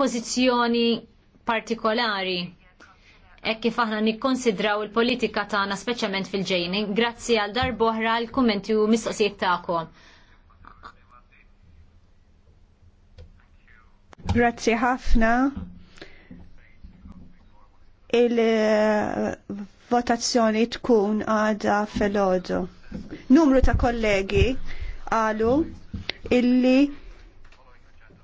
pożizzjoni partikolari hekk kif aħna nikkonsidraw il-politika tagħna speċjalment fil-ġejni. Grazzi għal darboħra l-kummenti u mistoqsijiet tagħkom. Grazzi ħafna. Il-votazzjoni eh, tkun għada fil-ħodu. Numru ta' kollegi għalu illi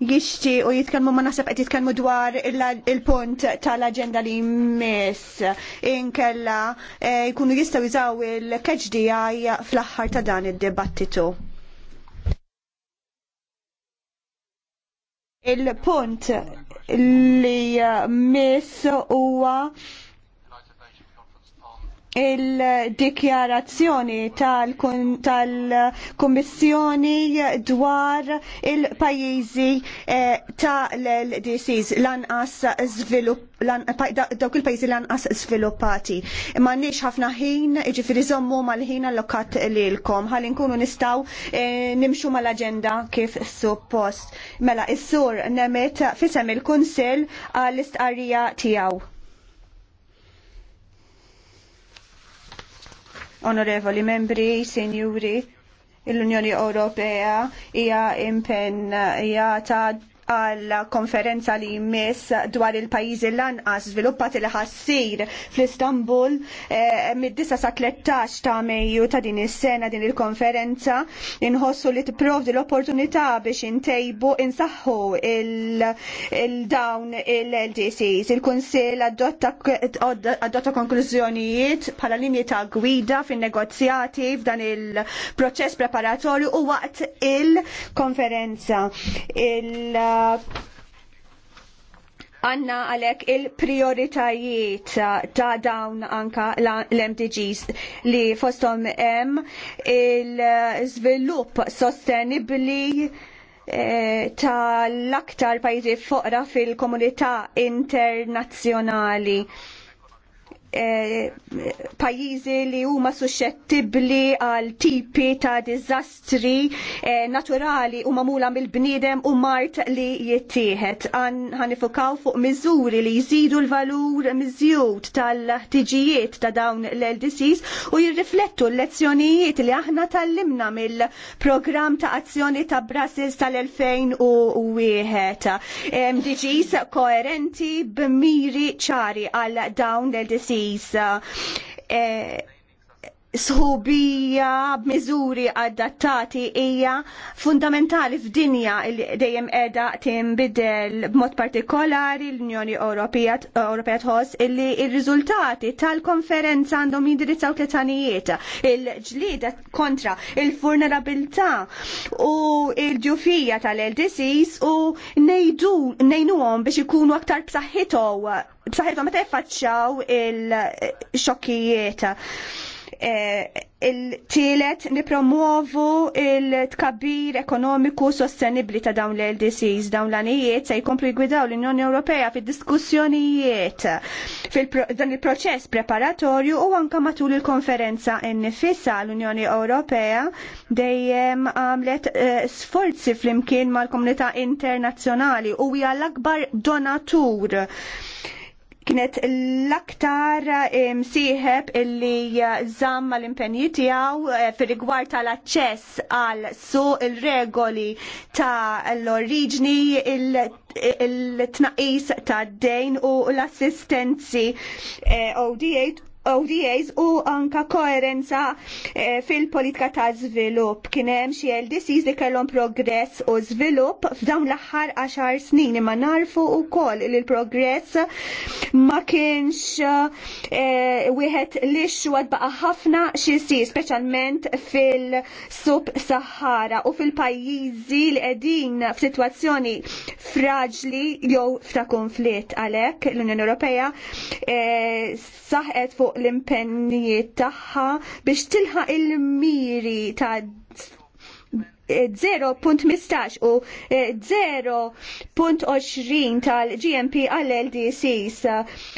jixti u jitkelmu ma nasab qed jitkelmu dwar il-punt tal-agenda li jmiss inkella e, jkunu jistaw jużaw il-KHDI fl-aħħar ta' dan id-dibattitu. Il-punt li miss huwa il-dikjarazzjoni tal-Kommissjoni tal dwar il-pajizi eh, tal ta' l-DCs lanqas lan, kull il lan as sviluppati. Ma nix ħafna ħin, ġifiri zommu mal-ħin allokat lilkom, ħalli nkunu nistaw eh, nimxu mal-agenda kif suppost. Mela, is-sur nemet fisem il-Kunsil għall-istqarrija tijaw. onorevoli membri, senjuri, l-Unjoni Ewropea hija impenjata għal konferenza li jmiss dwar il-pajizi lanqas sviluppati li ħassir fl-Istanbul eh, mid-9 sa 13 ta' Mejju ta' din is-sena din il-konferenza inħossu li tipprovdi l-opportunità biex intejbu insaħħu il-dawn il-LDCs. il kunsil adotta konklużjonijiet bħala linji ta' gwida fin-negozjati f'dan il-proċess preparatorju u waqt il-konferenza. il Uh, għanna għalek il-prioritajiet ta' dawn anka l-MDGs li fostom em il-svilupp sostenibli eh, tal-aktar pajzi foqra fil-komunità internazzjonali. Eh, pajjiżi li huma suċċettibbli għal tipi ta' diżastri eh, naturali u mamula mill-bniedem u mart li jittieħed. Ħanifukaw fuq miżuri li jżidu l-valur miżjud tal-ħtiġijiet ta' dawn l-LDCs u jirriflettu l-lezzjonijiet li aħna tallimna mill-programm ta' azzjoni ta' Brussels tal-2001. DGs koerenti b'miri ċari għal dawn l-LDCs Lisa. Eh, sħubija b'miżuri adattati hija fundamentali f'dinja li dejjem qiegħda tinbidel b'mod partikolari l-Unjoni Ewropea Ewropea tħoss illi r-riżultati tal-konferenza għandhom jindirizzaw tletanijiet il-ġlieda kontra il-vulnerabilità u il-ġufija tal-LDCs u nejnuhom biex ikunu aktar b'saħħithom meta jaffaċċjaw il-xokkijiet. Eh, il-tielet nipromuovu il-tkabbir ekonomiku sostenibli ta' dawn l-LDCs, dawn l-anijiet se jkomplu jgwidaw l-Unjoni Ewropea fid diskussjonijiet fil-dan il-proċess preparatorju u anka matul il-konferenza n-nifissa l-Unjoni Ewropea dejjem għamlet eh, sforzi fl-imkien mal-komunità internazzjonali u hija l-akbar donatur kienet l-aktar msieħeb illi zamma l-impenji tiegħu eh, fir rigward tal-aċċess għal su il-regoli ta' l-oriġni il-tnaqis ta' dejn u l-assistenzi eh, ODA ODAs u anka koerenza eh, fil-politika ta' żvilupp. Kien hemm xi LDCs li kellhom progress u żvilupp f'dawn l-aħħar 10 snin imma narfu wkoll li l-progress ma kienx eh, wieħed li xwad baqa' ħafna xi jsir speċjalment fil-sub Sahara u fil-pajjiżi li qegħdin f'sitwazzjoni fraġli jew f'ta' konflitt għalhekk l-Unjoni Ewropea eh, saħet fuq fuq l-impennijiet tagħha biex tilħaq il-miri ta' 0.15 u 0.20 eh, tal-GMP għall-LDCs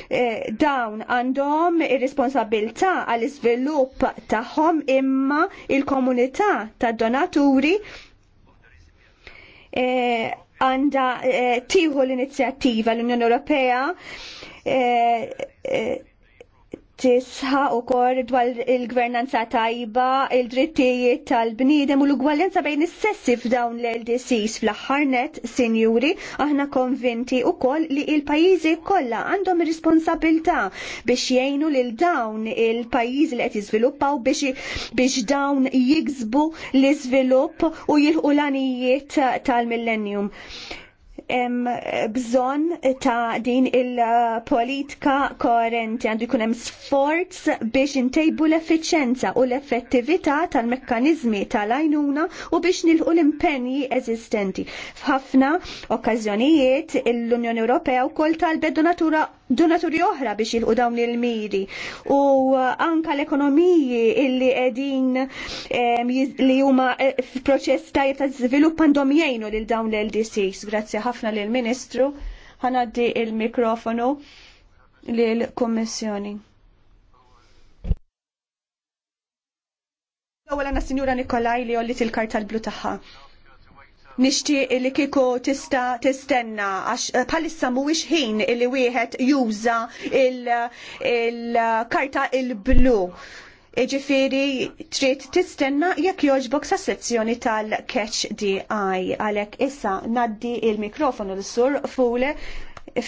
eh, dawn għandhom ir-responsabilta għall-izvilupp tagħhom imma il-komunità tad donaturi eh, għanda tieħu l-inizjattiva l-Unjoni Ewropea tisħa u kor dwar il-gvernanza tajba, il-drittijiet tal-bnidem u l-ugwalenza bejn is-sessi f'dawn l-LDCs fl-ħarnet, sinjuri, aħna konvinti u kol li il-pajizi kollha għandhom responsabilta biex jgħinu lil dawn il-pajizi li qed jiżviluppaw biex biex dawn jiksbu l-iżvilupp u jilħu l-anijiet tal-millennium. Ta Eh, bżon ta' din il-politika koerenti għandu jkun hemm sforz biex intejbu l-effiċenza u l-effettività tal mekkaniżmi tal-għajnuna u biex nilħu l-impenji eżistenti. F'ħafna okkażjonijiet l-Unjoni Ewropea wkoll tal-bedu natura donaturi oħra biex jilqu dawn il-miri u uh, anka l-ekonomiji illi edin li huma eh, f'proċess tajjeb ta' żvilupp għandhom jgħinu lil dawn l-LDCs. Grazzi ħafna lil ministru ħanaddi il-mikrofonu lil kommissjoni Ewwel għandna Sinjura Nikolaj li għollit il-karta l-blu tagħha nixtieq li kieku tista tistenna għax eh, bħalissa mhuwiex ħin li wieħed juża il-karta il-blu. Iġifiri trid tistenna jekk jogħġbok sa sezzjoni tal-catch DI għalhekk issa naddi il-mikrofonu l-sur fule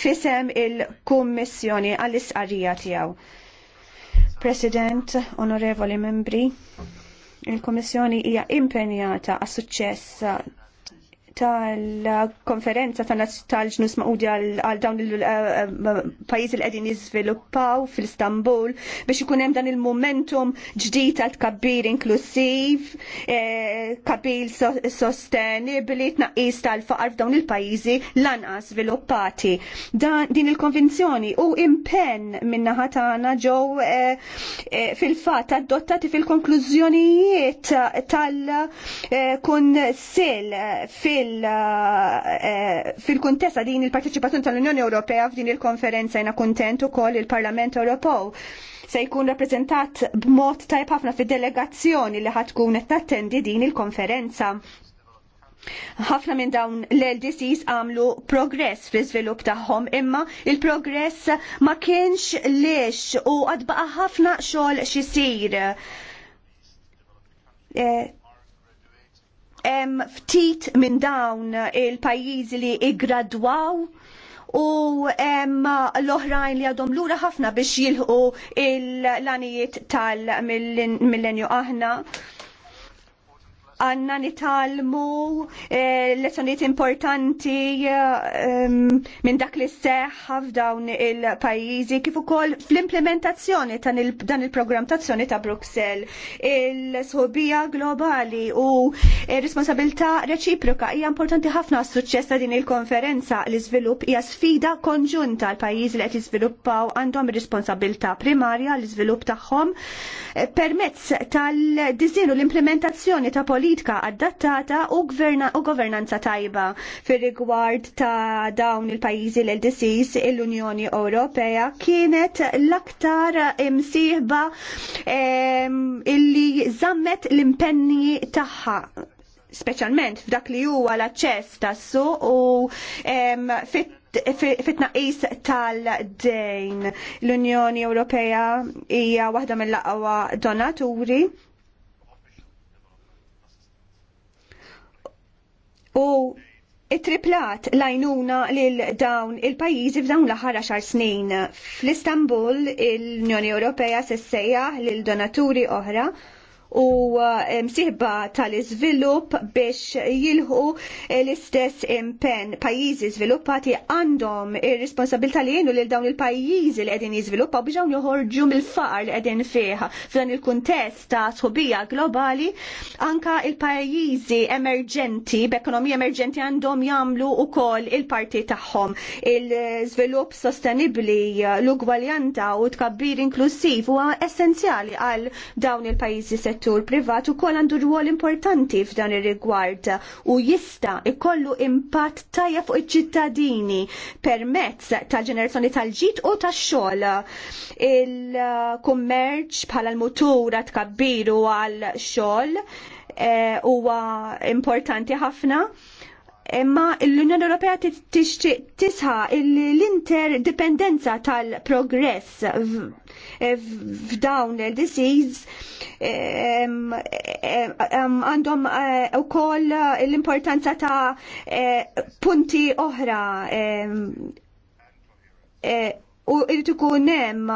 fisem il-kummissjoni għall-isqarrija tiegħu. President, onorevoli membri, il-Kommissjoni hija impenjata għas suċċess tal-konferenza tal-ġnus maqudja għal dawn il-pajiz eh, eh, li qegħdin jiżviluppaw fil-Istanbul biex ikun hemm dan il-momentum ġdid għal tkabbir inklusiv, eh, kabir sostenibli, tnaqqis tal-faqar f'dawn il-pajjiżi lanqas sviluppati. Din il-konvenzjoni u impenn min-naħa tagħna ġew fil-fatt adottati fil-konklużjonijiet tal-kunsill fil Eh, fil-kuntesta din il-parteċipazzjoni tal-Unjoni Ewropea f'din il-konferenza jena kontent ukoll il-Parlament Ewropew se jkun rappresentat b'mod tajb ħafna fid-delegazzjoni li ħatkun qed tattendi din il-konferenza. Ħafna minn dawn l-LDCs għamlu progress fl iżvilupp tagħhom, imma il-progress ma kienx lex u għadbaqa ħafna xogħol xisir. Eh, hemm ftit minn dawn il-pajjiżi li igradwaw u l-oħrajn li għadhom lura ħafna biex jilħu l-lanijiet tal-millenju aħna għanna nitalmu eh, lezzjoniet importanti eh, mm, minn dak li seħħa f'dawn il-pajjiżi kif ukoll fl-implementazzjoni ta' dan il-programm tazzjoni ta' Bruxelles. Il-sħobija globali u responsabilità reċiproka hija importanti ħafna għas-suċċess ta' din il-konferenza l-iżvilupp hija sfida konġunta l pajjiżi li qed jiżviluppaw għandhom responsabilità primarja l-iżvilupp tagħhom eh, permezz tal-diżin l-implementazzjoni ta' politika politika adattata u, gverna, u governanza tajba fir rigward ta' dawn il-pajjiżi l ldcs l-Unjoni Ewropea kienet l-aktar imsieħba illi zammet l-impenni tagħha speċjalment f'dak li huwa l-aċċess tas-suq u fit fitna naqis tal-dejn. L-Unjoni Ewropea hija waħda mill-aqwa donaturi u it-triplat lajnuna lil dawn il-pajjiżi f'dawn l-aħħar xar snin. Fl-Istanbul, l-Unjoni Ewropea sessejja lil donaturi oħra u eh, msiħba tal-izvilup biex jilħu eh, l-istess impen. Pajjiżi zviluppati għandhom ir-responsabilta li jenu lil dawn il-pajjiżi li qegħdin jiżviluppaw biex dawn joħorġu mill-faqar li qegħdin fiħa F'dan il-kuntest ta' sħubija globali, anka il-pajjiżi emerġenti, b'ekonomija emerġenti għandhom jagħmlu kol il-parti tagħhom. Il-żvilupp sostenibbli, l-ugwaljanta u tkabbir inklusiv huwa essenzjali għal dawn il-pajjiżi settur privat ukoll għandu rwol importanti f'dan ir-rigward u jista' ikollu impatt tajja fuq iċ-ċittadini permezz tal-ġenerazzjoni tal-ġid u tax-xogħol. Il-kummerċ bħala l-mutura tkabbiru għal xogħol eh, huwa importanti ħafna Imma l-Unjoni Ewropea tixtieq tisħa l-interdependenza tal-progress f'dawn il-disease għandhom eh, ukoll l-importanza ta' eh, punti oħra eh, u irrid ikun hemm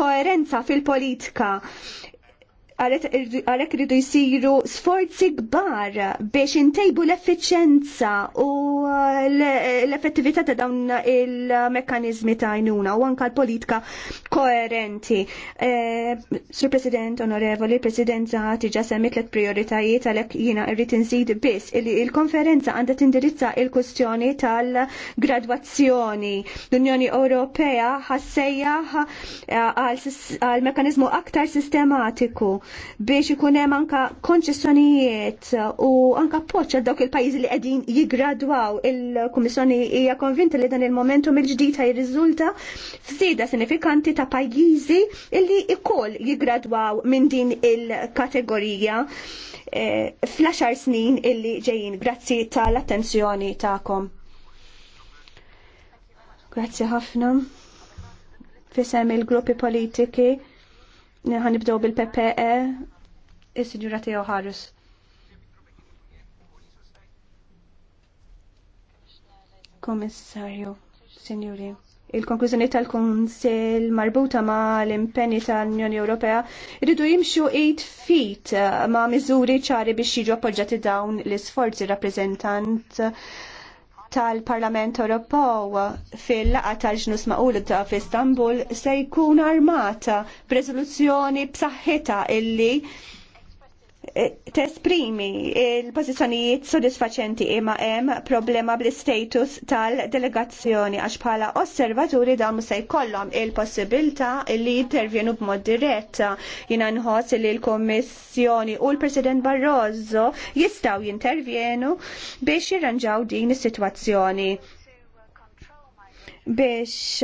koerenza fil-politika għalek rridu jisiru sforzi kbar biex intejbu l-effiċenza u l-effettività ta' dawn il-mekkanizmi ta' jnuna u anka l-politika koerenti. Eh, Sur President, onorevoli, Presidenza tiġa semmit l prioritajiet għalek jina rrit nżid biss il-konferenza għanda tindirizza il-kustjoni tal-gradwazzjoni. L-Unjoni Ewropea ħassejja għal mekanizmu aktar sistematiku biex ikun hemm anka konċessjonijiet u anka poċċa dawk il-pajjiżi li qegħdin jiggradwaw il-Kummissjoni hija konvinta li dan il-momentum il-ġdid jirriżulta f'żieda sinifikanti ta' pajjiżi illi ikoll jiggradwaw minn din il-kategorija eh, fl-10 snin illi ġejjin. Grazzi tal-attenzjoni tagħkom. Grazzi ħafna. Fisem il-gruppi politiki. Nħan nibdew bil-PPE, il-Sinjura Teo Harris. Komissarju, Sinjuri il-konklużjoni tal-Kunsel marbuta ma l-impenni tal-Unjoni Ewropea irridu jimxu 8 feet ma miżuri ċari biex jiġu appoġġati dawn l-isforzi rappreżentant tal-Parlament Ewropew fil-laqa tal-ġnus maqul ta' f'Istanbul se jkun armata b'reżoluzzjoni b'saħħitha illi tesprimi il-pozizjonijiet sodisfaċenti imma hemm problema bl-status tal-delegazzjoni għax bħala osservaturi dawn se jkollhom il-possibilità li jintervjenu b'mod dirett. Jiena nħoss li l kummissjoni u l-President Barroso jistgħu jintervjenu biex jirranġaw din is-sitwazzjoni biex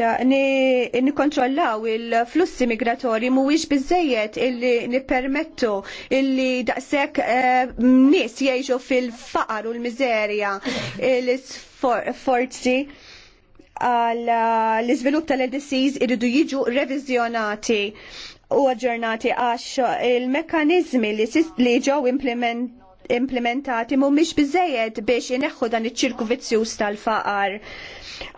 nikontrollaw il-flussi migratori mhuwiex biżejjed illi nippermettu illi daqshekk eh, nies jgħixu fil-faqar u l-miżerja l-isforzi għal l-iżvilupp tal-edisiz iridu jiġu revizjonati u aġġornati għax il-mekkanizmi li ġew implement implementati mhumiex biżejjed biex ineħħu dan iċ-ċirku vizzjuż tal-faqar.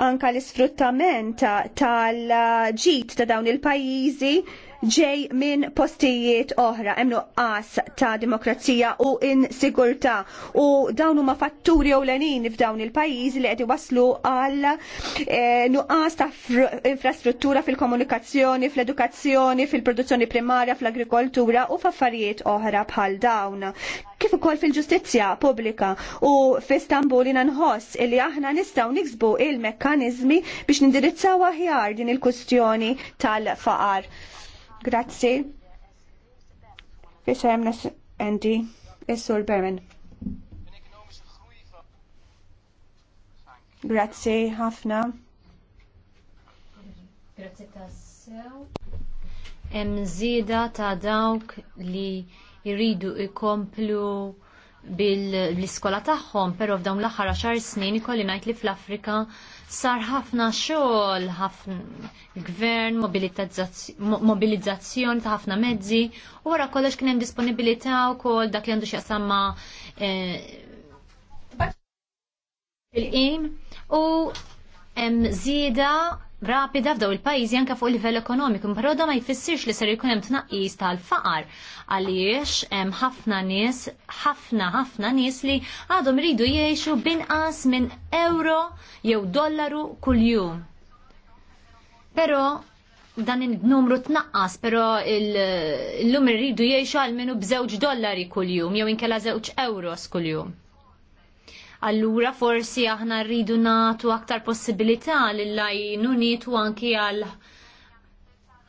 Anka l-isfruttament tal-ġid ta' dawn il-pajjiżi ġej minn postijiet oħra, hemm nuqqas ta' demokrazija u insigurtà u dawn huma fatturi ewlenin f'dawn il-pajjiżi li qed waslu għal eh, nuqqas ta' infrastruttura fil-komunikazzjoni, fl-edukazzjoni, fil-produzzjoni primarja, fl-agrikoltura u f'affarijiet oħra bħal dawn. Kif ukoll fil-ġustizzja pubblika u f'Istanbul jiena nħoss li aħna nistgħu niksbu il-mekkaniżmi biex nindirizzaw aħjar din il-kustjoni tal-faqar. Grazzi. Fisem nas endi is Berman. Grazzi ħafna. Grazzi tassew. Hemm żieda ta' dawk li jridu ikomplu bil-iskola tagħhom, però f'dawn l-aħħar 10 snin ikolli ngħid li fl-Afrika sar ħafna xogħol, ħafna gvern, mobilizzazzjoni ta' ħafna mezzi, u wara kollox kien hemm disponibilità wkoll dak li għandu x'jaqsam ma' eh, il-qim u hemm żieda rapida f'daw il-pajjiżi anke fuq livell ekonomiku, però da ma jfissirx li ser jkun hemm tnaqqis tal-faqar għaliex hemm ħafna nies, ħafna ħafna nies li għadhom ridu jgħixu binqas minn euro jew dollaru kuljum. Però dan il-numru tnaqqas, però l-lum irridu jgħixu għal minnu bżewġ dollari kuljum jew inkella żewġ euros kuljum. Allura forsi aħna rridu natu aktar possibilità lill-lajnu nitu anki għal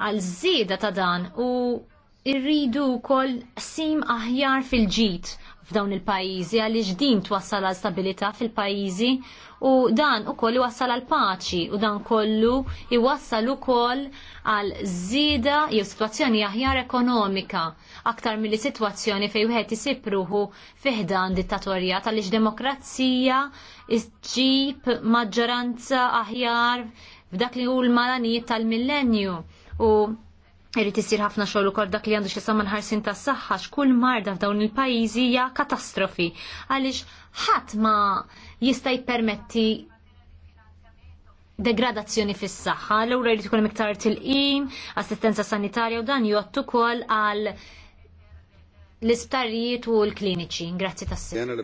għal żieda ta' dan u rridu wkoll sim aħjar fil-ġid f'dawn il-pajjiżi għaliex din twassal għal stabilità fil-pajjiżi u dan ukoll iwassal għal paċi u dan kollu iwassal ukoll għal żieda jew sitwazzjoni aħjar ekonomika aktar milli sitwazzjoni fejn wieħed isib fiħdan dittatorja tal-ix demokrazija ġib maġġoranza aħjar f'dak li hu l-malanijiet tal-millenju u irrid isir ħafna xogħol ukoll dak li għandu xi sama nħarsin tas-saħħa x'kull marda f'dawn il-pajjiżi hija katastrofi għaliex ħadd ma jista' jippermetti degradazzjoni fis-saħħa, l-ura jrid ikun iktar tilqim, assistenza sanitarja u dan jgħottu ukoll għal l-isptarijiet u l-kliniċi. Grazzi tas-sir.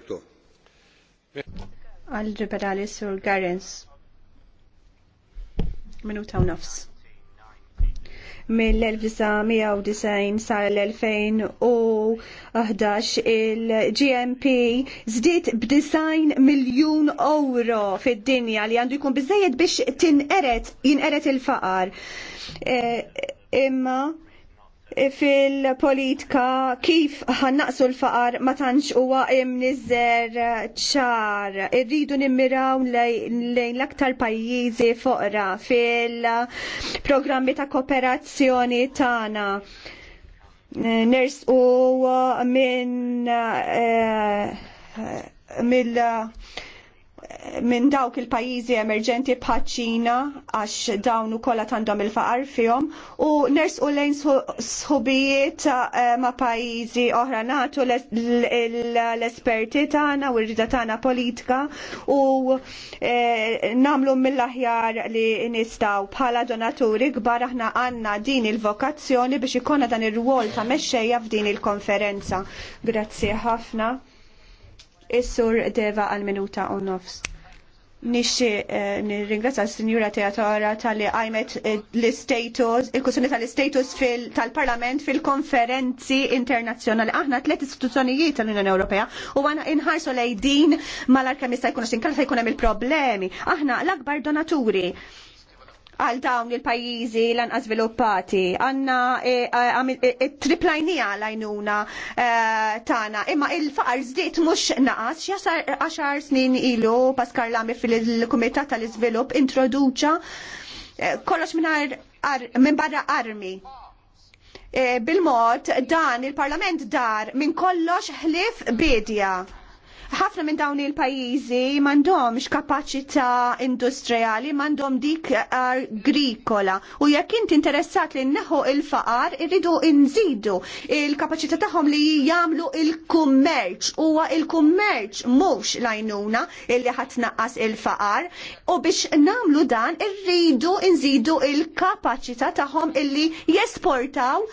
Għal-liberali sur Garens. Minuta u nofs mill-1990 sar l-2011 il-GMP zdiet b'9 miljun euro fid-dinja li għandu jkun biżejjed biex tinqeret jinqeret il-faqar. E, imma fil-politika kif ħannaqsu l-faqar ma tantx huwa imniżżer ċar. Irridu nimmiraw lejn l-aktar pajjiżi foqra fil-programmi ta' kooperazzjoni tagħna. Ners u minn eh, mill minn dawk il-pajizi emerġenti bħaċ-Ċina għax dawn ukoll għandhom il-faqar fihom u ners u lejn sħubijiet eh, ma' pajjiżi oħra nagħtu l-esperti tagħna u rrida tagħna politika u eh, nagħmlu mill-aħjar li nistgħu bħala donaturi kbar aħna għandna din il-vokazzjoni biex ikonna dan ir-rwol ta' mexxejja f'din il-konferenza. Grazzi ħafna. Is-sur Deva għal-minuta u nofs. Nixi eh, nirringrazza s-Sinjura Teatora tal-li għajmet eh, l istatus il kussuni tal istatus tal-Parlament fil-konferenzi internazzjonali. Aħna tlet istituzzjonijiet tal-Unjoni Ewropea u għana inħarsu lejdin mal-arkam jista' jkun xinkar jkun hemm il-problemi. Aħna l-akbar donaturi għal dawn il-pajizi lan għandna eh, eh, Għanna eh, triplajnija għajnuna tana. Imma il-faqar zdiet mux naqas xasar għaxar snin ilu Paskar Lami fil-Kumitat tal-Izvilupp introduċa kollox minn barra armi. Bil-mod dan il-Parlament dar minn kollox ħlif bedja ħafna minn dawn il-pajjiżi m'għandhomx kapaċità industrijali, m'għandhom dik agrikola. U jekk int interessat li nneħħu il-faqar, irridu nżidu il-kapaċità tagħhom li jagħmlu il-kummerċ. Huwa il-kummerċ mhux lajnuna illi ħatnaqqas il-faqar u biex nagħmlu dan irridu nżidu il-kapaċità tagħhom illi jesportaw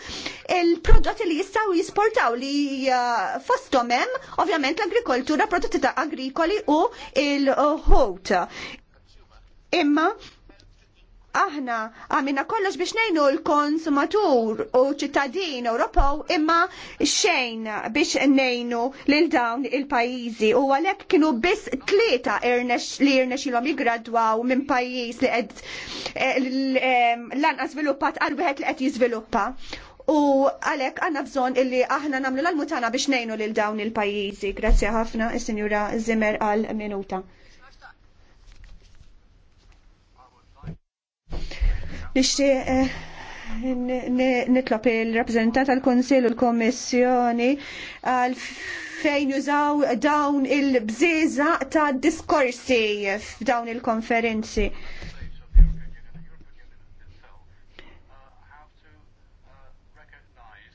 il-prodotti li jistgħu jisportaw li uh, fostom hemm ovvjament l-agrikoltura tal-prodotti ta' agrikoli u il-ħut. Imma aħna għamina kollox biex nejnu l-konsumatur u ċittadin Ewropew imma xejn biex nejnu lil dawn il-pajizi u għalek kienu biss tlieta li irnexilhom jigradwaw minn pajjiż li qed eh, eh, lan żviluppat għal wieħed li qed jiżviluppa. U għalek għanna bżon illi aħna namlu l-mutana biex nejnu lil dawn il-pajizi. Grazie ħafna, il-Sinjura Zimmer għal minuta. Nishti eh, nitlop il-rappresentant għal-Konsil u l-Komissjoni għal fejn jużaw dawn il-bżiza ta' diskorsi f'dawn il-konferenzi. il konferenzi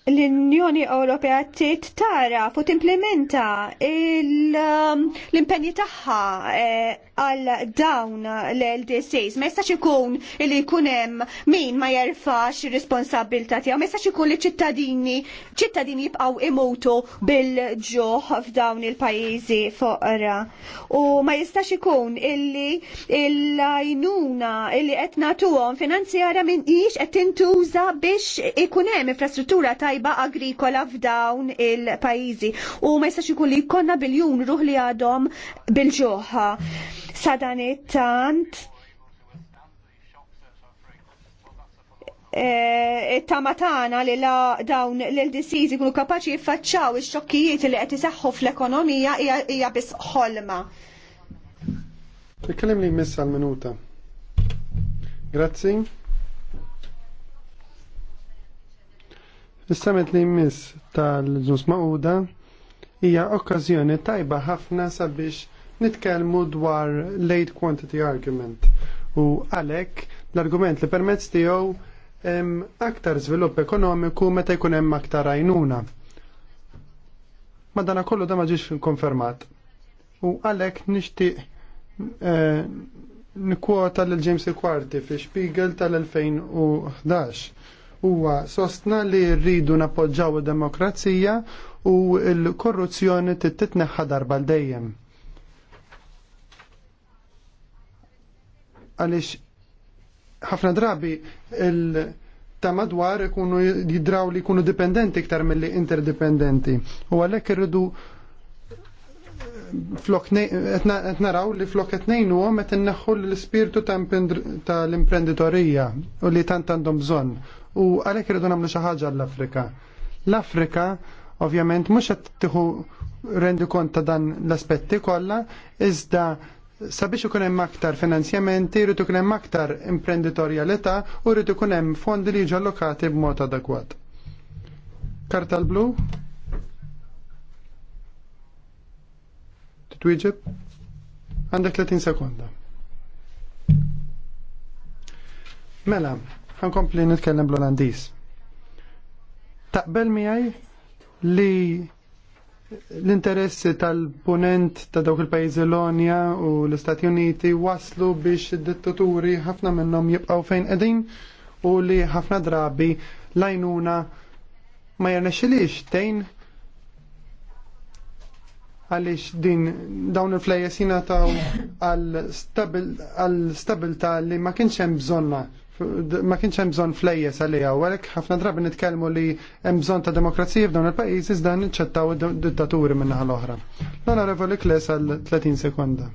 l-Unjoni Ewropea trid tara u timplementa um, l-impenji tagħha eh, għal dawn l-LDCs. Ma jistax ikun li jkun hemm min ma jerfax ir-responsabilità tiegħu, ma jistax ikun li ċittadini ċittadini jibqgħu imutu bil ġuħ f'dawn il-pajjiżi foqra. U ma jistax ikun illi l-għajnuna illi qed nagħtuhom finanzjara minn qed tintuża biex ikun hemm infrastruttura tajba tajba agrikola f'dawn il-pajizi u ma jistax ikun li konna biljun ruħ li għadhom bil-ġoħa. Sadan it-tant eh, tamatana li la dawn l-disizi kunu kapaċi jiffaċċaw il-xokkijiet li għet jisaxħu fl-ekonomija hija biss ħolma. Ikkellim li jmiss l minuta Grazie. Is-summit li jmiss tal-ġus maquda hija okkażjoni tajba ħafna sabiex nitkellmu dwar late quantity argument. U għalhekk l-argument li permezz tiegħu hemm aktar żvilupp ekonomiku meta jkun hemm aktar għajnuna. Madana kollu da ma ġiex konfermat. U għalhekk nixtieq eh, nikwota l-James Quarti fi Spiegel tal-2011 huwa sostna li rridu nappoġġaw id-demokrazija u l-korruzzjoni titneħħa darba l-dejjem. Għaliex ħafna drabi il- ta' madwar ikunu jidraw li jkunu dipendenti iktar mill-li interdipendenti. U għalek irridu flok qed naraw li flok qed ngħinuhom qed inneħħu l-ispirtu tal-imprenditorija u li tant għandhom bżonn. U għalhekk irridu nagħmlu xi ħaġa l-Afrika. L-Afrika ovvjament mhux qed tieħu rendi kont ta' dan l-aspetti kollha, iżda sabiex ikun hemm aktar finanzjamenti, jrid ikun hemm aktar imprenditorjalità u jrid ikun hemm fondi li jiġu allokati b'mod adekwat. Karta l-blu? Twieġeb, għandek 30 sekonda. Mela, kompli nitkellem bl-Olandis. Taqbel miħaj li l-interessi tal-punent ta' dawk il-pajizi l-Onja u l-Istati Uniti waslu biex dittaturi ħafna minnhom jibqaw fejn qegħdin u li ħafna drabi lajnuna ma jarnexxilix tejn għaliex din dawn il-flejjes jingħataw għal stabilta li ma kienx hemm bżonna ma kienx hemm bżonn flejjes għalija u għalhekk ħafna drabi nitkellmu li hemm bżonn ta' demokrazija f'dawn il-pajjiż iżda niċċettaw dittaturi min-naħa l-oħra. L-Onorevoli Kles għal 30 sekonda.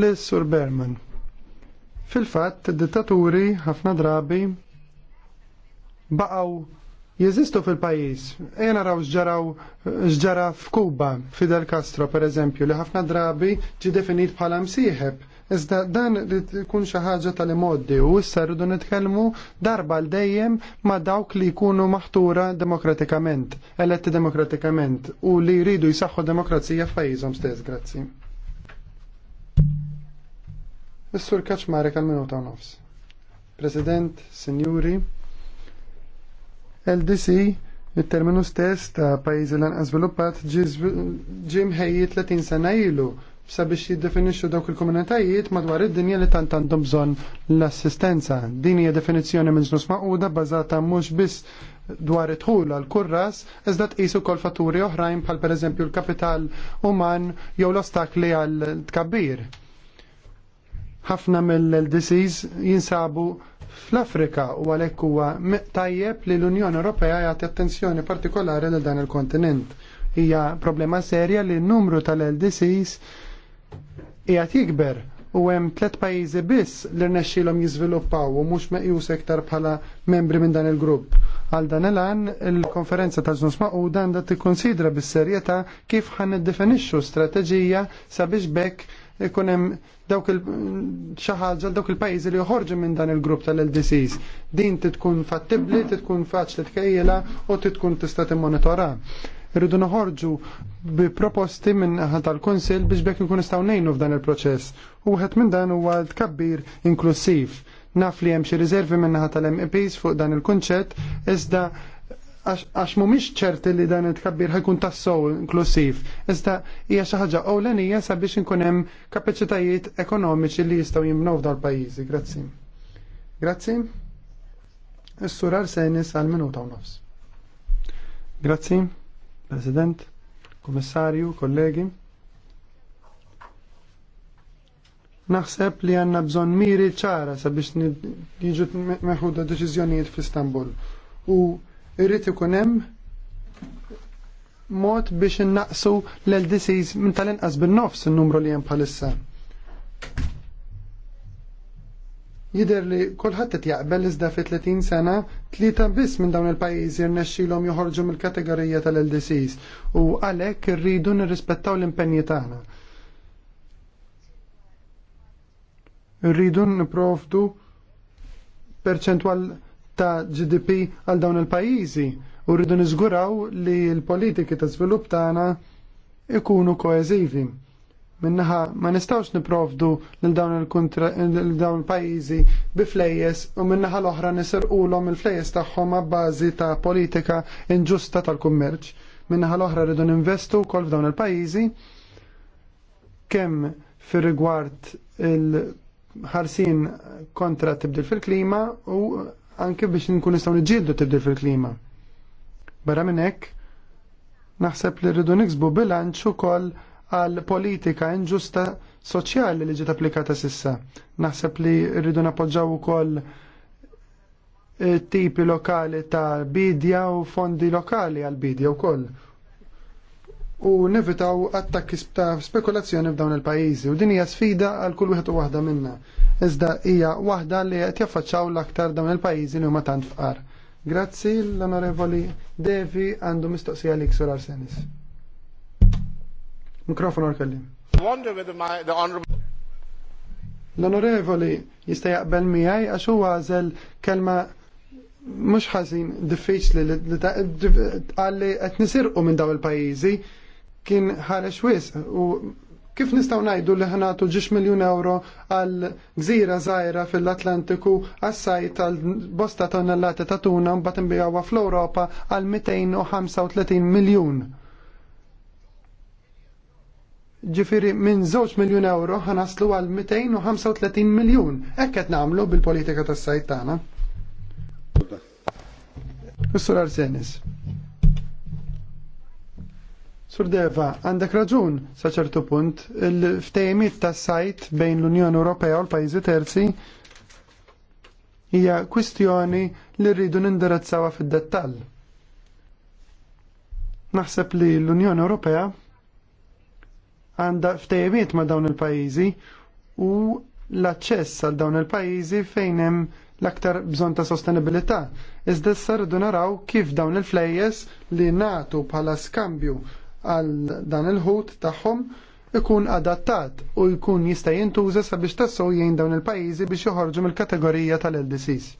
L-Sur Berman. Fil-fatt, dittaturi ħafna drabi baqgħu jeżistu fil-pajis. Ejna raw ġara f'Kuba, Fidel Castro per eżempju, li ħafna drabi ġi definit bħala msieħeb. Iżda dan li tkun xi ħaġa tal-imoddi u issa rridu nitkellmu darba l dejjem ma' dawk li jkunu maħtura demokratikament, eletti demokratikament u li jridu jsaħħu demokrazija f'pajjiżhom stess, grazzi. Is-sur Kaċmarek għal minuta nofs. President, Sinjuri, LDC, il-terminu stess ta' pajizi lanqas sviluppat ġim ħejji 30 sena ilu sabiex jiddefinixxu dawk il-komunitajiet madwar id-dinja li tant għandhom bżonn l-assistenza. Din hija definizzjoni minn ġnus maquda bażata mhux biss dwar it-ħul għal kurras, iżda tqisu kol fatturi oħrajn bħal pereżempju l-kapital uman jew l-ostakli għal tkabbir. Ħafna mill ldcs jinsabu fl-Afrika u għalhekk huwa tajjeb li l-Unjoni Ewropea jagħti attenzjoni partikolari lil dan il-kontinent. Hija problema serja li n-numru tal-LDCs hija jikber u hemm tliet pajjiżi biss li rnexxilhom jiżviluppaw u mhux meqjus iktar bħala membri minn dan il-grupp. Għal dan il-għan, il-konferenza ta' ġnus maqu dan da tikkonsidra bis-serjetà kif ħan strateġija sabiex bekk ikun hemm dawk il xi dawk il-pajjiżi li joħorġu minn dan il-grupp tal-LDCs. Din titkun fattibli, titkun faċli tkejjela u titkun tista' timmonitora. Irridu noħorġu bi proposti minn tal-Kunsill biex bekk ikun nistgħu ngħinu f'dan il-proċess. U wieħed minn dan huwa tkabbir inklusiv. Naf li hemm xi riservi minn naħa tal-MEPs fuq dan il-kunċett iżda għax mhumiex ċerti li dan it kabbir ħajkun tassow inklusiv. Iżda hija xi ħaġa ewlenija sabiex inkun hemm kapaċitajiet ekonomiċi li jistgħu jimnu f'dar pajjiżi Grazzi. Grazzi. Is-sur Arsenis għal minuta u nofs. Grazzi, President, Kummissarju, kollegi. naħseb li għanna bżon miri ċara sabiex jiġu meħuda deċiżjonijiet fl-Istanbul. U irrid ikun hemm mod biex innaqsu l-LDCs minn tal-inqas bin-nofs in-numru li hemm bħalissa. Jider li kulħadd qed jaqbel iżda fi 30 sena tlieta biss minn dawn il-pajjiżi rnexxilhom joħorġu mill-kategorija tal-LDCs u għalhekk irridu nirrispettaw l-impenji tagħna. Irridu nipprovdu perċentwal ta' GDP għal dawn il-pajjiżi u rridu niżguraw li l-politiki ta' żvilupp tagħna ikunu koeżivi. Minnaħa ma nistawx niprovdu lil dawn il-pajjiżi bi flejjes u minnaħa l-oħra nisirqulhom il-flejjes tagħhom ma' bażi ta' politika inġusta tal-kummerċ. Minnaħa l-oħra rridu ninvestu wkoll f'dawn il-pajjiżi kemm fir-rigward il-ħarsin kontra tibdil fil-klima u anke biex nkun nistgħu niġġieldu tibdil fil-klima. Barra minn hekk, naħseb li rridu niksbu bilanċ ukoll għal politika inġusta soċjali li ġiet applikata sissa. Naħseb li rridu napoġġaw ukoll eh, tipi lokali ta' bidja u fondi lokali għal bidja u koll u nevitaw attakki ta' spekulazzjoni f'dawn il-pajjiżi u din hija sfida għal kull wieħed u waħda minna. Iżda hija waħda li qed jaffaċċaw l-aktar dawn il-pajjiżi li huma tant fqar. Grazzi l-Onorevoli Devi għandu mistoqsija li ksur Arsenis. Mikrofon għal-kellim. L-Onorevoli jista' jaqbel miegħi għax huwa għażel kelma mhux ħażin diffiċli li li qed nisirqu minn daw il-pajjiżi kien ħarex wisq u kif nistgħu ngħidu li ħnatu ġiex miljun euro għal gżira żgħira fil-Atlantiku għas-sajt tal bosta tonnellati ta' tuna mbagħad inbijawha fl-Ewropa għal 235 miljun. Ġifiri minn 2 miljun euro ħanaslu għal 235 miljun. Hekk qed nagħmlu bil-politika tas-sajt tagħna. is Arsenis. Surdeva, għandek raġun sa ċertu punt, il-ftejmiet ta' sajt bejn l-Unjoni Ewropea u l-pajjiżi terzi hija kwistjoni li rridu nindirizzawha fid-dettall. Naħseb li l-Unjoni Ewropea għandha ftejmiet ma' dawn il-pajjiżi u l-aċċess għal dawn il-pajjiżi fejn hemm l-aktar bżonn ta' sostenibilità. Iżda issa rridu naraw kif dawn il-flejjes li nagħtu bħala skambju għal dan il-ħut tagħhom ikun adattat u jkun jista' jintuża sabiex tassew jgħin dawn il-pajjiżi biex joħorġu mill-kategorija tal-LDCs.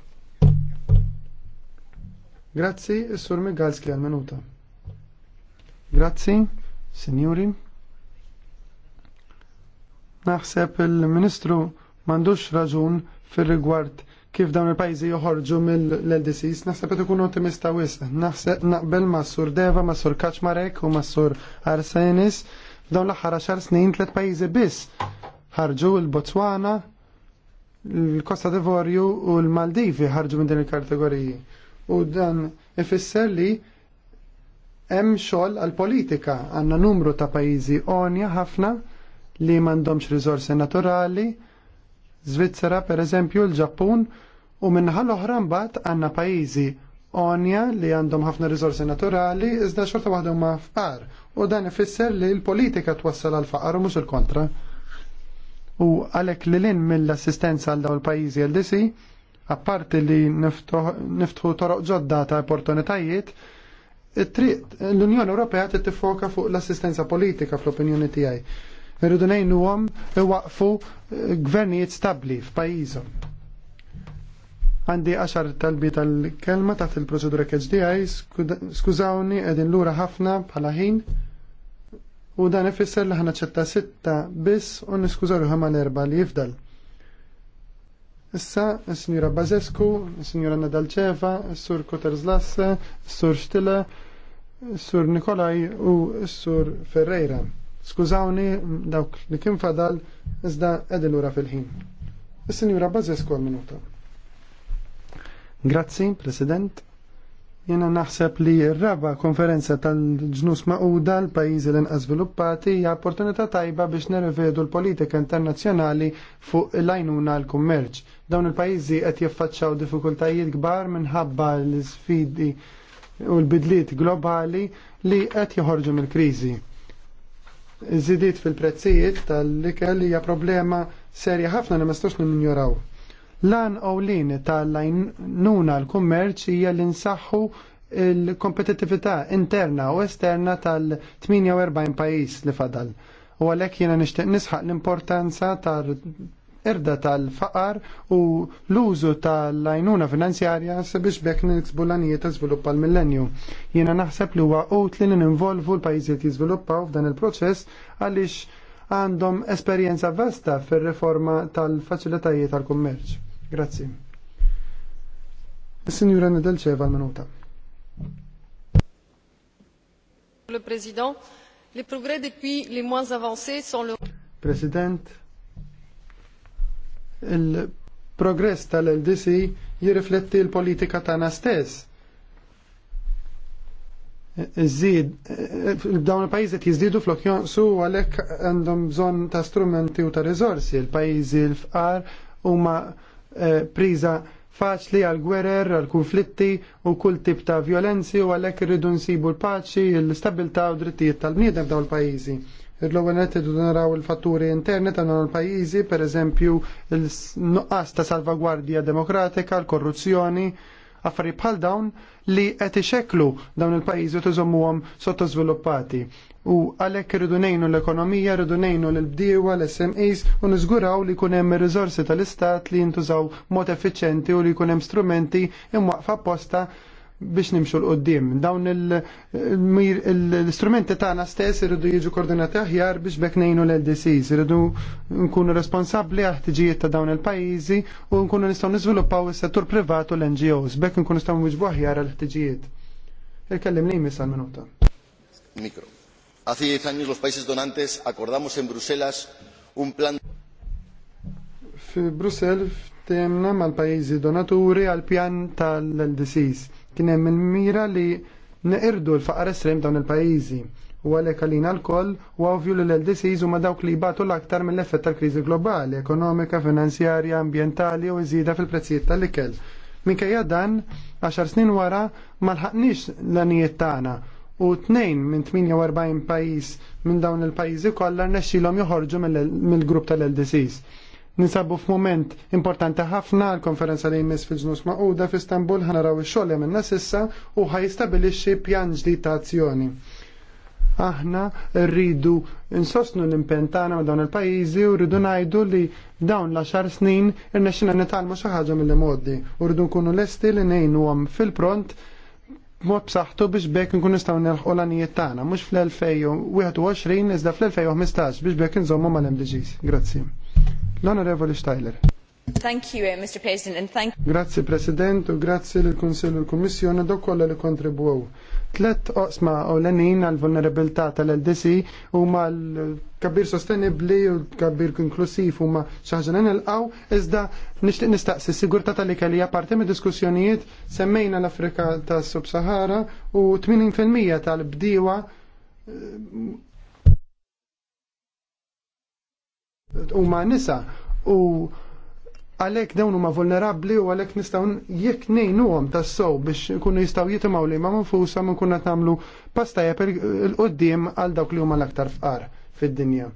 Grazzi, is sur Migalski għal minuta. Grazzi, sinjuri. Naħseb il-Ministru mandux raġun fir rigward kif dawn il-pajzi joħorġu mill-LDCs, naħseb qed ikun ottimista wisq. Naħseb naqbel ma' Sur Deva, ma' Sur Kaċmarek u ma' Sur Arsenis. Dawn l-aħħar xar snin tliet pajjiżi biss ħarġu l-Botswana, l-Kosta d'Ivorju u l-Maldivi ħarġu minn din il-kategoriji. U dan ifisser li hemm xogħol għall politika għandna numru ta' pajjiżi onja ħafna li m'għandhomx riżorsi naturali Zvizzera per eżempju l-Ġappun u l oħra mbagħad għandna pajjiżi onja li għandhom ħafna riżorsi naturali iżda xorta waħdhom ma fqar u dan ifisser li l-politika twassal għal faqar u mhux il-kontra. U għalhekk li lin mill-assistenza għal dawn il-pajjiżi LDC, apparti li niftħu toroq ġodda ta' opportunitajiet, l-Unjoni Ewropea tittifoka fuq l-assistenza politika fl-opinjoni tiegħi Irridu ngħinuhom iwaqfu eh, gvernijiet stabbli f'pajjiżhom. Għandi għaxar talbi tal-kelma taħt il-proċedura KHDI, skużawni qegħdin lura ħafna bħala ħin u dan ifisser li ħana ċetta sitta biss u niskużaw ħama l-erba li jifdal. Issa, s-signora Bazescu, s-signora Nadalċeva, s-sur Kuter Zlasse, s-sur Stila, s-sur Nikolaj u s-sur Ferreira. Skużawni dawk li kien fadal iżda qegħdin lura fil-ħin. Is-Sinjura Bażesku minuta. Grazzi, President. Jena naħseb li r-raba konferenza tal-ġnus maquda l-pajizi l-inqas sviluppati hija opportunità tajba biex nerevedu l-politika internazzjonali fuq l ajnuna l-kummerċ. Dawn il-pajizi qed jiffaċċaw diffikultajiet kbar minħabba l-sfidi u l-bidliet globali li qed joħorġu mill-kriżi. Zidit fil-prezzijiet tal-ikel hija problema serja ħafna li ma ninjoraw. Lan ewlin tal-lajnuna l-kummerċ hija li nsaħħu l kompetitività interna u esterna tal-48 pajjiż li fadal. U għalhekk jiena nixtieq nisħaq l-importanza erda tal-faqar u l-użu tal-lajnuna finanzjarja sabiex bek niksbu l anijiet ta' żvilupp għal-millenju. Jiena naħseb li huwa utli li ninvolvu l-pajjiżi li jiżviluppaw f'dan il-proċess għaliex għandhom esperjenza vasta fir-riforma tal-faċilitajiet tal-kummerċ. Grazzi. Signora Nedelceva, minuta. Le Président, les progrès depuis les moins avancés sont le... President, Il-progress tal-LDC jirrifletti l-politika tagħna stess. Iżid, dawn il-pajjiżi jizdidu flok jonsu għalhekk għandhom bżonn ta' strumenti u ta' rizorsi. Il-pajjiżi l-fqar huma eh, priża faċli għal gwerer, għal konflitti u kull tip ta' violenzi u għalhekk irridu nsibu l-paċi, l-istabilta u drittijiet tal-bniedem dawn il-pajjiżi l-ewwel qed idu naraw il-fatturi interni ta' non pajjiżi, pereżempju l-nuqqas ta' salvagwardja demokratika, l-korruzzjoni, affarijiet bħal dawn li qed ixekklu dawn il-pajjiżi u tiżommuhom sottosviluppati. U għalhekk irridu ngħinu l-ekonomija, irridu ngħinu l-bdiewa, l-SMEs u niżguraw li jkun hemm ir tal-istat li jintużaw mod effiċjenti u li jkun hemm strumenti imwaqfa apposta biex nimxu l-qoddim. Dawn l-istrumenti tagħna stess irridu jiġu koordinati aħjar biex bekk ngħinu l-LDCs, irridu nkunu responsabbli ħtiġijiet ta' dawn il-pajjiżi u nkunu nistgħu niżviluppaw is-settur privat u l-NGOs bekk nkunu nistgħu nwiġbu aħjar għall-ħtiġijiet. Il-kellim li jmiss minuta Mikro. Hace 10 años los países donantes acordamos en Bruselas un plan Fi temna mal-pajizi donaturi għal pjan tal-LDCs Kien hemm il-mira li neqirdu l-faqar estrem dawn il-pajjiżi u għalhekk għalina l-koll u għavju l-LDCs huma dawk li jbatu l-aktar mill-effett tal kriżi globali, ekonomika, finanzjarja, ambientali u iżida fil-prezzijiet tal-ikel. Minkejja dan, 10 snin wara ma lħaqniex l-anijiet tagħna u tnejn minn 48 pajjiż minn dawn il pajjiżi kollha rnexxilhom joħorġu mill-grupp tal-LDCs. Nisabu f'moment importanti ħafna l-konferenza li jmiss fil-ġnus maquda f'Istanbul ħanaraw ix-xogħol li minna sissa u ħajstabilixxi pjan ġdid ta' azzjoni. Aħna rridu insostnu l-impentana ma' dawn il-pajjiżi u rridu ngħidu li dawn l-10 snin irnexxina nitalmu xi ħaġa mill-modi u rridu nkunu lesti li ngħinuhom fil-pront mod b'saħħtu biex bekk nkun nistgħu nelħqu l anijiet tagħna mhux fl-2021 iżda fl-2015 biex bekk inżommu mal-MDGs. Grazzi. L-Onorevoli Steiler. Thank you, eh, Mr. President, and thank Grazzi President, u grazzi l-Konsil u l-Kommissjoni dok kollha li kontribwew. Tlet oqsma u l-enin għal-vulnerabilità tal-LDC u l kabir sostenibli u kabir inklusiv u ma xaħġan nilqaw, iżda nishtiq nistaqsi sigurta tal-ikalija parti me diskussjonijiet semmejna l-Afrika ta' Sub-Sahara u 80% tal-bdiwa huma nisa u għalek dawn huma vulnerabli u għalek nistaw jekk nejnuhom tas-sow biex ikunu jistgħu jitimgħu li ma' nfushom ma qed nagħmlu pastaja per il-qudiem għal dawk li huma l-aktar fqar fid-dinja.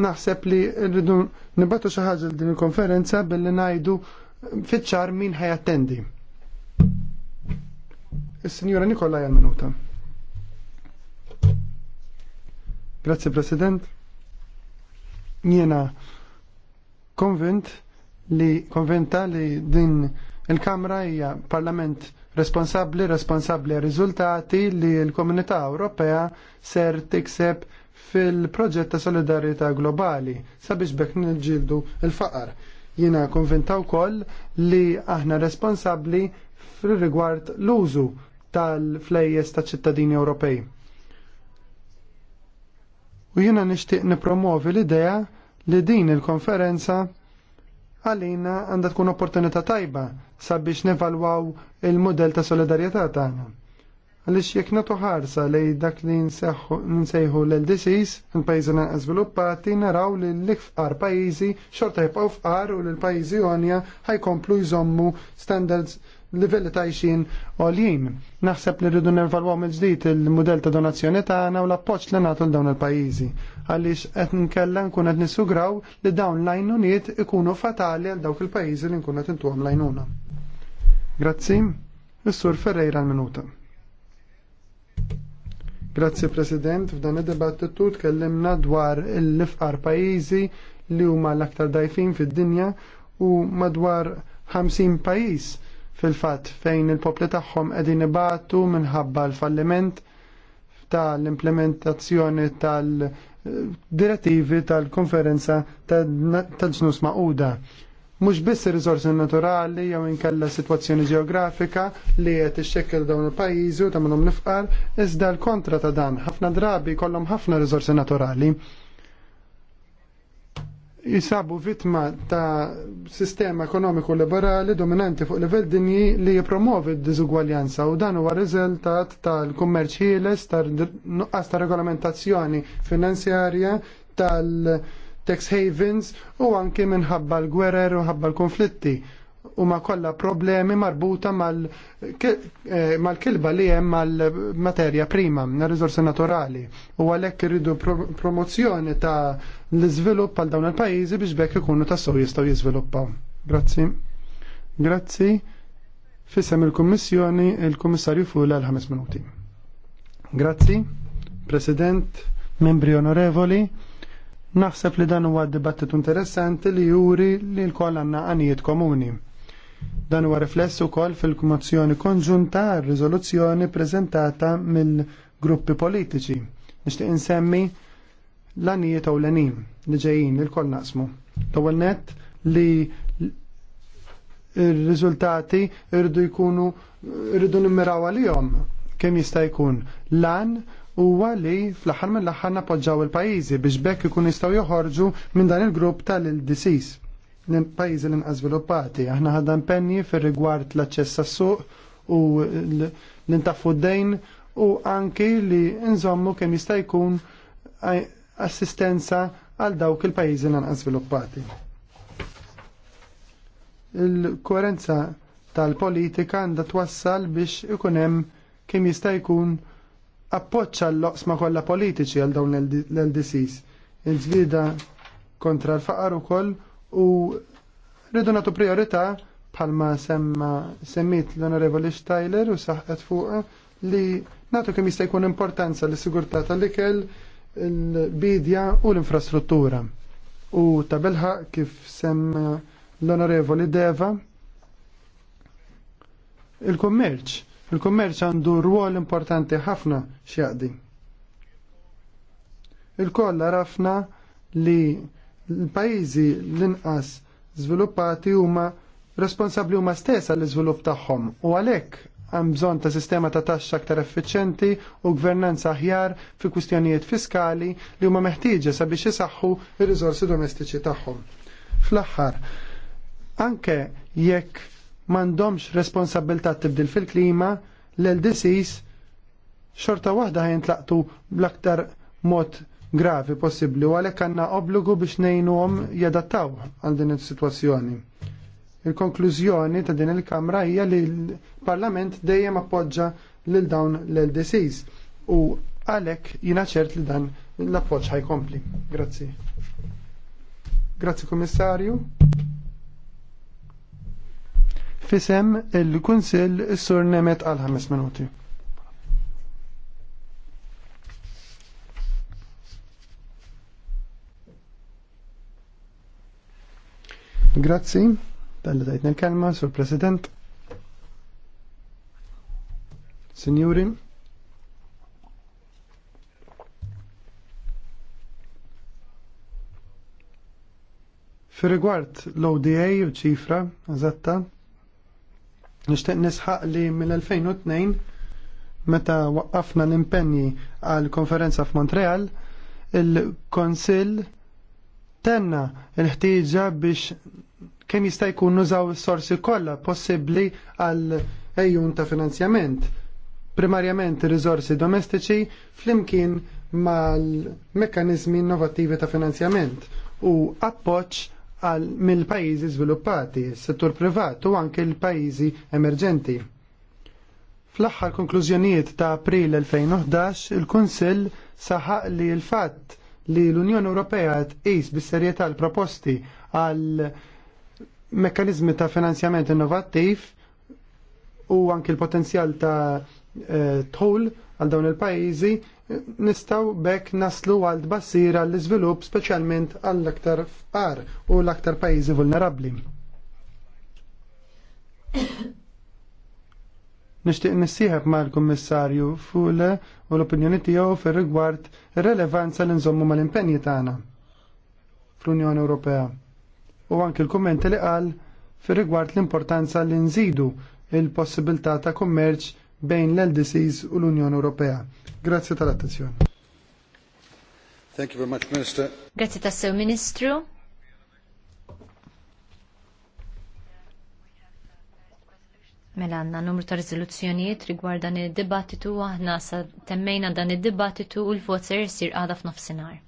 Naħseb li rridu nibatu xi ħaġa din il-konferenza billi ngħidu fitxar ċar min ħajattendi. Is-Sinjura Nikola minuta. Grazie President. Jiena konvent li konventa li din il-Kamra hija parlament responsabli, responsabli riżultati li l-Komunità Ewropea ser tikseb fil-proġett ta' solidarieta globali sabiex bekk nġildu il-faqar. Jiena konventa wkoll li aħna responsabbli fil-rigward l-użu tal-flejjes ta' ċittadini Ewropej. U jiena nixtieq nipromovi l-idea li din il-konferenza għalina għandha tkun opportunità tajba sabiex nevalwaw il-modell ta' solidarjetà tagħna. Għaliex jekk natu ħarsa li dak li nsejħu l-LDCs, il-pajjiżi na' żviluppati, naraw li l-ikfqar pajjiżi xorta jibqgħu fqar u l-pajjiżi onja ħajkomplu jżommu standards livelli ta' ixin għoljim. Naħseb li rridu nervalwaw mill-ġdid il-modell ta' donazzjoni tagħna u l-appoġġ li natu l dawn il-pajjiżi. Għaliex qed nkella nkun qed nisugraw li dawn l ikunu fatali għal dawk il-pajjiżi li nkun qed intuhom l-għajnuna. Grazzi, is-Sur Ferreira l-minuta. Grazzi President, f'dan id-dibattitu tkellimna dwar l-ifqar pajjiżi li huma l-aktar dajfin fid-dinja u madwar 50 pajjiż fil-fatt fejn il-popli tagħhom qegħdin ibatu minħabba l-falliment tal-implementazzjoni tal-direttivi tal-konferenza tal-ġnus maquda. Mhux biss ir-riżorsi naturali jew inkella sitwazzjoni ġeografika li qed ixxekkel dawn il-pajjiżi u tagħmilhom nifqar, iżda l-kontra ta' dan ħafna drabi jkollhom ħafna riżorsi naturali jisabu vittma ta' sistema ekonomiku liberali dominanti fuq livell dinji li jipromovi d dizugwaljanza u dan huwa riżultat tal-kummerċ ħieles, tal-nuqqas ta' regolamentazzjoni finanzjarja, tal-tax havens u anke minħabba l-gwerer u ħabba l-konflitti u ma kolla problemi marbuta eh, mal-kilba li hemm mal-materja prima, na rizorsi naturali. U għalhekk irridu promozzjoni ta' l-iżvilupp għal dawn il-pajjiżi biex bekk ikunu tassew jistaw jiżviluppaw. Grazzi. Grazzi. Fissem il-Kummissjoni il-Kummissarju Fula l ħames minuti. Grazzi, President, membri onorevoli. Naħseb li dan huwa dibattitu interessanti li juri li l-koll għanna għanijiet komuni Dan huwa rifless ukoll fil-mozzjoni konġunta r-riżoluzzjoni preżentata mill-gruppi politiċi. Nixtieq insemmi l għanijiet u l-anim li ġejjin il koll nasmu. Tawel net nett li r-riżultati irridu jkunu irridu nimmiraw għalihom kemm jista' jkun lan huwa li fl-aħħar mill-aħħar napoġġaw il-pajjiżi biex bekk ikun jistgħu joħorġu minn dan il-grupp tal-disis l-pajjiżi l-inqas Aħna ħadan penni fir-rigward l-aċċess għas-suq u l-intaffu d-dejn u anki li nżommu kemm jista' jkun assistenza għal dawk il-pajjiżi l-inqas sviluppati. Il-koerenza tal-politika għandha twassal biex ikun hemm kemm jista' jkun appoġġ għall-oqsma kollha politiċi għal dawn l-LDCs. Il-ġlida kontra l-faqar ukoll u rridu nagħtu priorita bħalma semma semmit l-Onorevoli Stajler u saħqet fuq li nagħtu kemm jista' jkun importanza lis sigurtà tal-ikel il-bidja u l-infrastruttura. U tabelħa kif semma l-Onorevoli Deva il-kommerċ. Il-kommerċ għandu rwol importanti ħafna xjaqdi. Il-kolla rafna li l-pajjiżi l-inqas żviluppati huma responsabbli huma stess għall iżvilupp tagħhom u għalhekk hemm bżonn ta' sistema ta' taxxa aktar effiċjenti u gvernanza aħjar fi kwistjonijiet fiskali li huma meħtieġa sabiex isaħħu ir-riżorsi domestiċi tagħhom. Fl-aħħar, anke jekk m'għandhomx responsabilità tibdil fil-klima, l-LDCs xorta waħda ħajntlaqtu bl-aktar mod gravi possibbli u għalhekk għandna obbligu biex ngħinuhom jadattaw għal din is-sitwazzjoni. Il-konklużjoni ta' din il-Kamra hija li l-Parlament dejjem appoġġa lil dawn l-LDCs u għalhekk jiena ċert li dan l-appoġġ ħajkompli. Grazzi. Grazzi Kummissarju. Fisem il-Kunsill is-Sur Nemet għal ħames minuti. Grazzi, tal-li dajtni kelma sur President. Signori. Fi rigward l-ODA u ċifra, eżatta, nishtiq nisħaq li mill-2002 meta waqqafna l-impenji għal konferenza f'Montreal, il-Konsil tenna l-ħtieġa biex kemm jista' jkun nużaw is sorsi kollha possibbli għal ejjun ta' finanzjament. Primarjament riżorsi domestiċi flimkien mal-mekkanizmi innovattivi ta' finanzjament u appoġġ għal mill-pajjiżi żviluppati, settur privat u anke l-pajjiżi emerġenti. Fl-aħħar konklużjonijiet ta' April 2011, il-Kunsill saħaq li l-fatt li l-Unjoni Ewropea tqis bis-serjetà l-proposti għal mekkanizmi ta' finanzjament innovattiv u anki l-potenzjal ta' eh, tħul għal dawn il-pajjiżi nistaw bekk naslu għal tbassir għall iżvilupp speċjalment għall aktar fqar u l-aktar pajjiżi vulnerabbli. Nixtieq nissieħeb mal-Kummissarju Fule u l-opinjoni tiegħu fir-rigward ir-relevanza li nżommu mal-impenji tagħna fl-Unjoni Ewropea. U anki l-kummenti li qal fir-rigward l-importanza li nżidu il-possibilità ta' kummerċ bejn l-LDCs u l-Unjoni Ewropea. Grazzi tal-attenzjoni. Thank you very much, Minister. Grazzi tassew, Ministru. Mela għanna numru ta' rizoluzzjonijiet rigward dan id-dibattitu aħna sa temmejna dan id-dibattitu u l-vot ser jisir għada f'nofsinhar.